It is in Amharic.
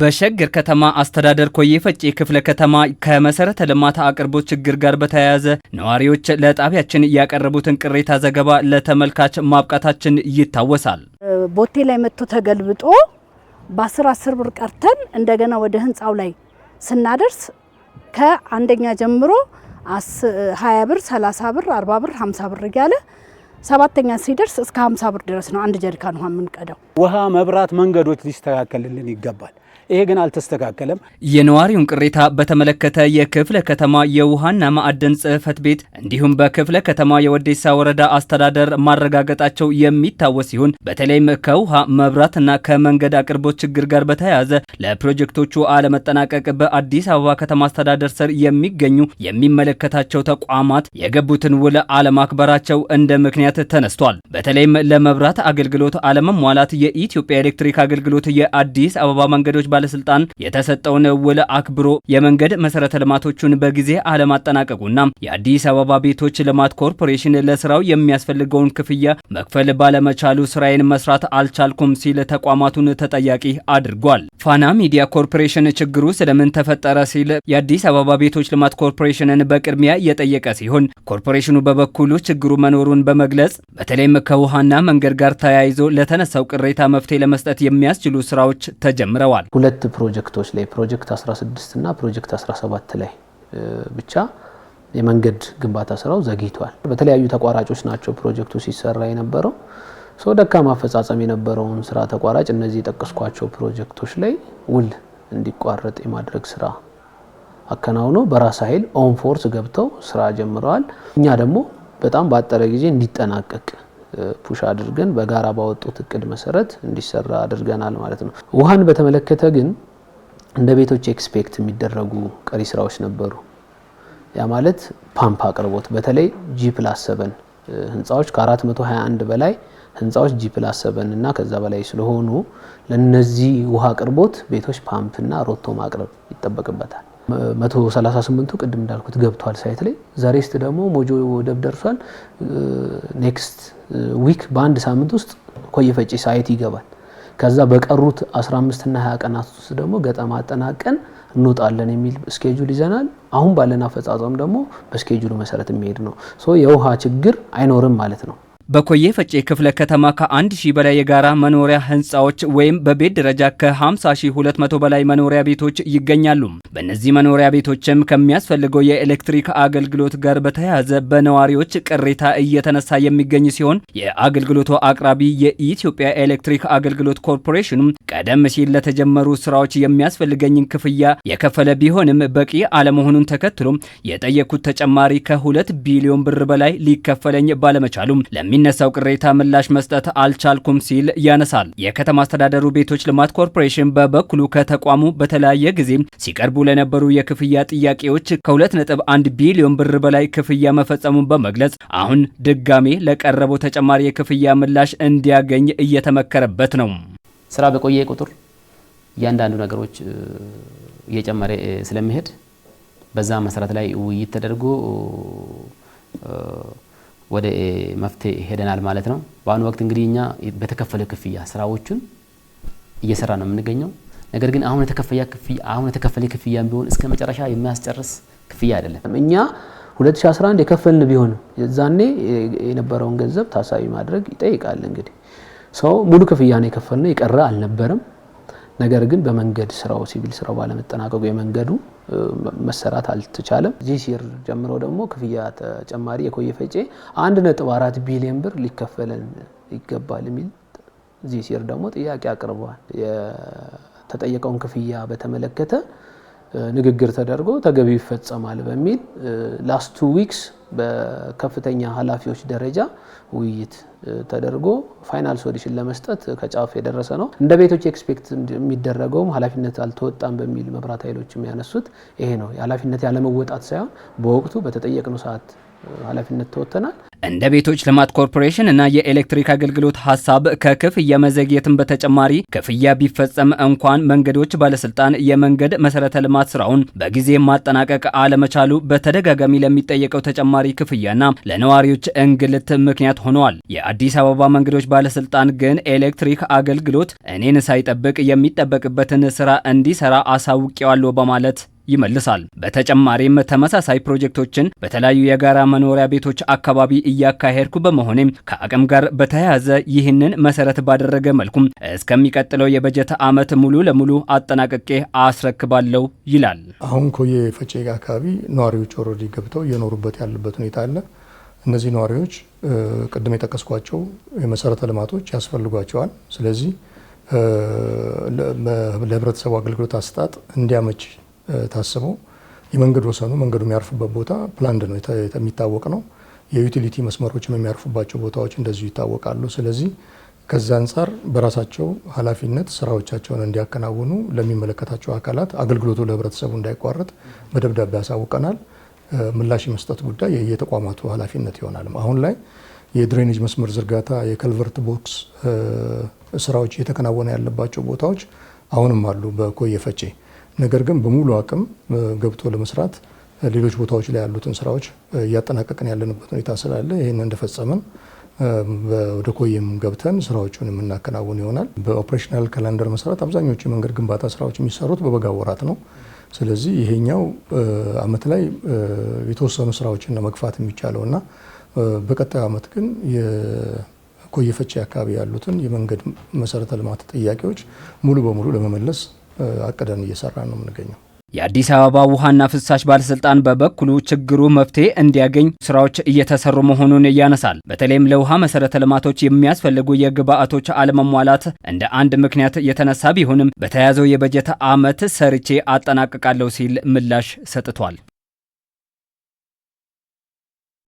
በሸገር ከተማ አስተዳደር ኮዬ ፈጬ ክፍለ ከተማ ከመሰረተ ልማት አቅርቦት ችግር ጋር በተያያዘ ነዋሪዎች ለጣቢያችን ያቀረቡትን ቅሬታ ዘገባ ለተመልካች ማብቃታችን ይታወሳል። ቦቴ ላይ መጥቶ ተገልብጦ በ1ስራ 10 አስር ብር ቀርተን እንደገና ወደ ህንፃው ላይ ስናደርስ ከአንደኛ ጀምሮ 20 ብር፣ 30 ብር፣ 40 ብር፣ 50 ብር እያለ ሰባተኛ ሲደርስ እስከ 50 ብር ድረስ ነው አንድ ጀሪካን ውሃ የምንቀዳው። ውሃ፣ መብራት፣ መንገዶች ሊስተካከልልን ይገባል። ይሄ ግን አልተስተካከለም። የነዋሪውን ቅሬታ በተመለከተ የክፍለ ከተማ የውሃና ማዕድን ጽህፈት ቤት እንዲሁም በክፍለ ከተማ የወዴሳ ወረዳ አስተዳደር ማረጋገጣቸው የሚታወስ ሲሆን በተለይም ከውሃ መብራትና ከመንገድ አቅርቦት ችግር ጋር በተያያዘ ለፕሮጀክቶቹ አለመጠናቀቅ በአዲስ አበባ ከተማ አስተዳደር ስር የሚገኙ የሚመለከታቸው ተቋማት የገቡትን ውል አለማክበራቸው እንደ ምክንያት ተነስቷል። በተለይም ለመብራት አገልግሎት አለመሟላት የኢትዮጵያ ኤሌክትሪክ አገልግሎት የአዲስ አበባ መንገዶች ባለስልጣን የተሰጠውን ውል አክብሮ የመንገድ መሰረተ ልማቶቹን በጊዜ አለማጠናቀቁና የአዲስ አበባ ቤቶች ልማት ኮርፖሬሽን ለስራው የሚያስፈልገውን ክፍያ መክፈል ባለመቻሉ ስራዬን መስራት አልቻልኩም ሲል ተቋማቱን ተጠያቂ አድርጓል። ፋና ሚዲያ ኮርፖሬሽን ችግሩ ስለምን ተፈጠረ ሲል የአዲስ አበባ ቤቶች ልማት ኮርፖሬሽንን በቅድሚያ እየጠየቀ ሲሆን ኮርፖሬሽኑ በበኩሉ ችግሩ መኖሩን በመግለጽ በተለይም ከውሃና መንገድ ጋር ተያይዞ ለተነሳው ቅሬታ መፍትሄ ለመስጠት የሚያስችሉ ስራዎች ተጀምረዋል። ሁለት ፕሮጀክቶች ላይ ፕሮጀክት 16 እና ፕሮጀክት 17 ላይ ብቻ የመንገድ ግንባታ ስራው ዘግይቷል። በተለያዩ ተቋራጮች ናቸው ፕሮጀክቱ ሲሰራ የነበረው። ሰው ደካማ አፈጻጸም የነበረውን ስራ ተቋራጭ እነዚህ የጠቀስኳቸው ፕሮጀክቶች ላይ ውል እንዲቋረጥ የማድረግ ስራ አከናውኖ በራስ ኃይል ኦን ፎርስ ገብተው ስራ ጀምረዋል። እኛ ደግሞ በጣም በአጠረ ጊዜ እንዲጠናቀቅ ፑሽ አድርገን በጋራ ባወጡት እቅድ መሰረት እንዲሰራ አድርገናል ማለት ነው። ውሃን በተመለከተ ግን እንደ ቤቶች ኤክስፔክት የሚደረጉ ቀሪ ስራዎች ነበሩ። ያ ማለት ፓምፕ አቅርቦት በተለይ ጂ ፕላስ ሰበን ህንፃዎች ከ421 በላይ ህንፃዎች ጂ ፕላስ ሰበን እና ከዛ በላይ ስለሆኑ ለነዚህ ውሃ አቅርቦት ቤቶች ፓምፕና ሮቶ ማቅረብ ይጠበቅበታል። መቶ ሰላሳ ቅድም እንዳልኩት ገብቷል ሳይት ላይ ዘሬስት ደግሞ ሞጆ ወደብ ደርሷል። ኔክስት ዊክ በአንድ ሳምንት ውስጥ ኮየፈጪ ሳይት ይገባል። ከዛ በቀሩት 15 እና 20 ቀናት ውስጥ ደግሞ ገጠማ አጠናቀን እንወጣለን የሚል ስኬጁል ይዘናል። አሁን ባለን አፈጻጸም ደግሞ በስኬጁሉ መሰረት የሚሄድ ነው። ሶ የውሃ ችግር አይኖርም ማለት ነው። በኮዬ ፈጬ ክፍለ ከተማ ከ ሺህ በላይ የጋራ መኖሪያ ህንፃዎች ወይም በቤት ደረጃ ከ50 በላይ መኖሪያ ቤቶች ይገኛሉ። በእነዚህ መኖሪያ ቤቶችም ከሚያስፈልገው የኤሌክትሪክ አገልግሎት ጋር በተያያዘ በነዋሪዎች ቅሬታ እየተነሳ የሚገኝ ሲሆን የአገልግሎቱ አቅራቢ የኢትዮጵያ ኤሌክትሪክ አገልግሎት ኮርፖሬሽኑም ቀደም ሲል ለተጀመሩ ስራዎች የሚያስፈልገኝን ክፍያ የከፈለ ቢሆንም በቂ አለመሆኑን ተከትሎ የጠየኩት ተጨማሪ ከሁለት ቢሊዮን ብር በላይ ሊከፈለኝ ባለመቻሉም ለሚነሳው ቅሬታ ምላሽ መስጠት አልቻልኩም ሲል ያነሳል። የከተማ አስተዳደሩ ቤቶች ልማት ኮርፖሬሽን በበኩሉ ከተቋሙ በተለያየ ጊዜ ሲቀርቡ ለነበሩ የክፍያ ጥያቄዎች ከ2.1 ቢሊዮን ብር በላይ ክፍያ መፈጸሙን በመግለጽ አሁን ድጋሜ ለቀረበው ተጨማሪ የክፍያ ምላሽ እንዲያገኝ እየተመከረበት ነው። ስራ በቆየ ቁጥር እያንዳንዱ ነገሮች እየጨመረ ስለሚሄድ በዛ መሰረት ላይ ውይይት ተደርጎ ወደ መፍትሄ ሄደናል ማለት ነው። በአሁኑ ወቅት እንግዲህ እኛ በተከፈለ ክፍያ ስራዎቹን እየሰራ ነው የምንገኘው። ነገር ግን አሁን የተከፈያ ክፍያ አሁን የተከፈለ ክፍያ ቢሆን እስከ መጨረሻ የሚያስጨርስ ክፍያ አይደለም። እኛ 2011 የከፈልን ቢሆንም የዛኔ የነበረውን ገንዘብ ታሳቢ ማድረግ ይጠይቃል እንግዲህ ሰው ሙሉ ክፍያ ነው የከፈልነው፣ የቀረ አልነበረም። ነገር ግን በመንገድ ስራው ሲቪል ስራው ባለመጠናቀቁ የመንገዱ መሰራት አልተቻለም። እዚህ ሲር ጀምሮ ደግሞ ክፍያ ተጨማሪ የኮየ ፈጬ አንድ ነጥብ አራት ቢሊዮን ብር ሊከፈለን ይገባል የሚል እዚህ ሲር ደግሞ ጥያቄ አቅርቧል። የተጠየቀውን ክፍያ በተመለከተ ንግግር ተደርጎ ተገቢ ይፈጸማል በሚል ላስት ቱ ዊክስ በከፍተኛ ኃላፊዎች ደረጃ ውይይት ተደርጎ ፋይናል ሶሉሽን ለመስጠት ከጫፍ የደረሰ ነው። እንደ ቤቶች ኤክስፔክት የሚደረገውም ኃላፊነት አልተወጣም በሚል መብራት ኃይሎችም ያነሱት ይሄ ነው። የኃላፊነት ያለመወጣት ሳይሆን በወቅቱ በተጠየቅነው ሰዓት ኃላፊነት ተወጥተናል። እንደ ቤቶች ልማት ኮርፖሬሽን እና የኤሌክትሪክ አገልግሎት ሀሳብ ከክፍያ መዘግየትን በተጨማሪ ክፍያ ቢፈጸም እንኳን መንገዶች ባለስልጣን የመንገድ መሰረተ ልማት ስራውን በጊዜ ማጠናቀቅ አለመቻሉ በተደጋጋሚ ለሚጠየቀው ተጨማሪ ክፍያና ለነዋሪዎች እንግልት ምክንያት ሆነዋል። የአዲስ አበባ መንገዶች ባለስልጣን ግን ኤሌክትሪክ አገልግሎት እኔን ሳይጠብቅ የሚጠበቅበትን ስራ እንዲሰራ አሳውቄዋለሁ በማለት ይመልሳል። በተጨማሪም ተመሳሳይ ፕሮጀክቶችን በተለያዩ የጋራ መኖሪያ ቤቶች አካባቢ እያካሄድኩ በመሆኔም ከአቅም ጋር በተያያዘ ይህንን መሰረት ባደረገ መልኩም እስከሚቀጥለው የበጀት ዓመት ሙሉ ለሙሉ አጠናቅቄ አስረክባለሁ ይላል። አሁን ኮዬ ፈጬጋ አካባቢ ነዋሪዎች ኦልሬዲ ገብተው እየኖሩበት ያለበት ሁኔታ አለ። እነዚህ ነዋሪዎች ቅድም የጠቀስኳቸው የመሰረተ ልማቶች ያስፈልጓቸዋል። ስለዚህ ለህብረተሰቡ አገልግሎት አሰጣጥ እንዲያመች ታስቦ የመንገድ ወሰኑ መንገዱ የሚያርፉበት ቦታ ፕላንድ ነው የሚታወቅ ነው። የዩቲሊቲ መስመሮችም የሚያርፉባቸው ቦታዎች እንደዚሁ ይታወቃሉ። ስለዚህ ከዛ አንጻር በራሳቸው ኃላፊነት ስራዎቻቸውን እንዲያከናውኑ ለሚመለከታቸው አካላት አገልግሎቱ ለህብረተሰቡ እንዳይቋረጥ በደብዳቤ ያሳውቀናል። ምላሽ የመስጠት ጉዳይ የተቋማቱ ኃላፊነት ይሆናል። አሁን ላይ የድሬኔጅ መስመር ዝርጋታ፣ የከልቨርት ቦክስ ስራዎች እየተከናወነ ያለባቸው ቦታዎች አሁንም አሉ በኮየ ፈጬ ነገር ግን በሙሉ አቅም ገብቶ ለመስራት ሌሎች ቦታዎች ላይ ያሉትን ስራዎች እያጠናቀቅን ያለንበት ሁኔታ ስላለ ይህን እንደፈጸምን ወደ ኮየም ገብተን ስራዎቹን የምናከናውን ይሆናል። በኦፕሬሽናል ካላንደር መሰረት አብዛኞቹ የመንገድ ግንባታ ስራዎች የሚሰሩት በበጋ ወራት ነው። ስለዚህ ይሄኛው አመት ላይ የተወሰኑ ስራዎችን ለመግፋት የሚቻለው እና በቀጣዩ አመት ግን የኮየ አካባቢ ያሉትን የመንገድ መሰረተ ልማት ጥያቄዎች ሙሉ በሙሉ ለመመለስ አቅደን እየሰራ ነው የምንገኘው። የአዲስ አበባ ውሃና ፍሳሽ ባለስልጣን በበኩሉ ችግሩ መፍትሄ እንዲያገኝ ስራዎች እየተሰሩ መሆኑን ያነሳል። በተለይም ለውሃ መሰረተ ልማቶች የሚያስፈልጉ የግብአቶች አለመሟላት እንደ አንድ ምክንያት የተነሳ ቢሆንም በተያያዘው የበጀት ዓመት ሰርቼ አጠናቅቃለሁ ሲል ምላሽ ሰጥቷል።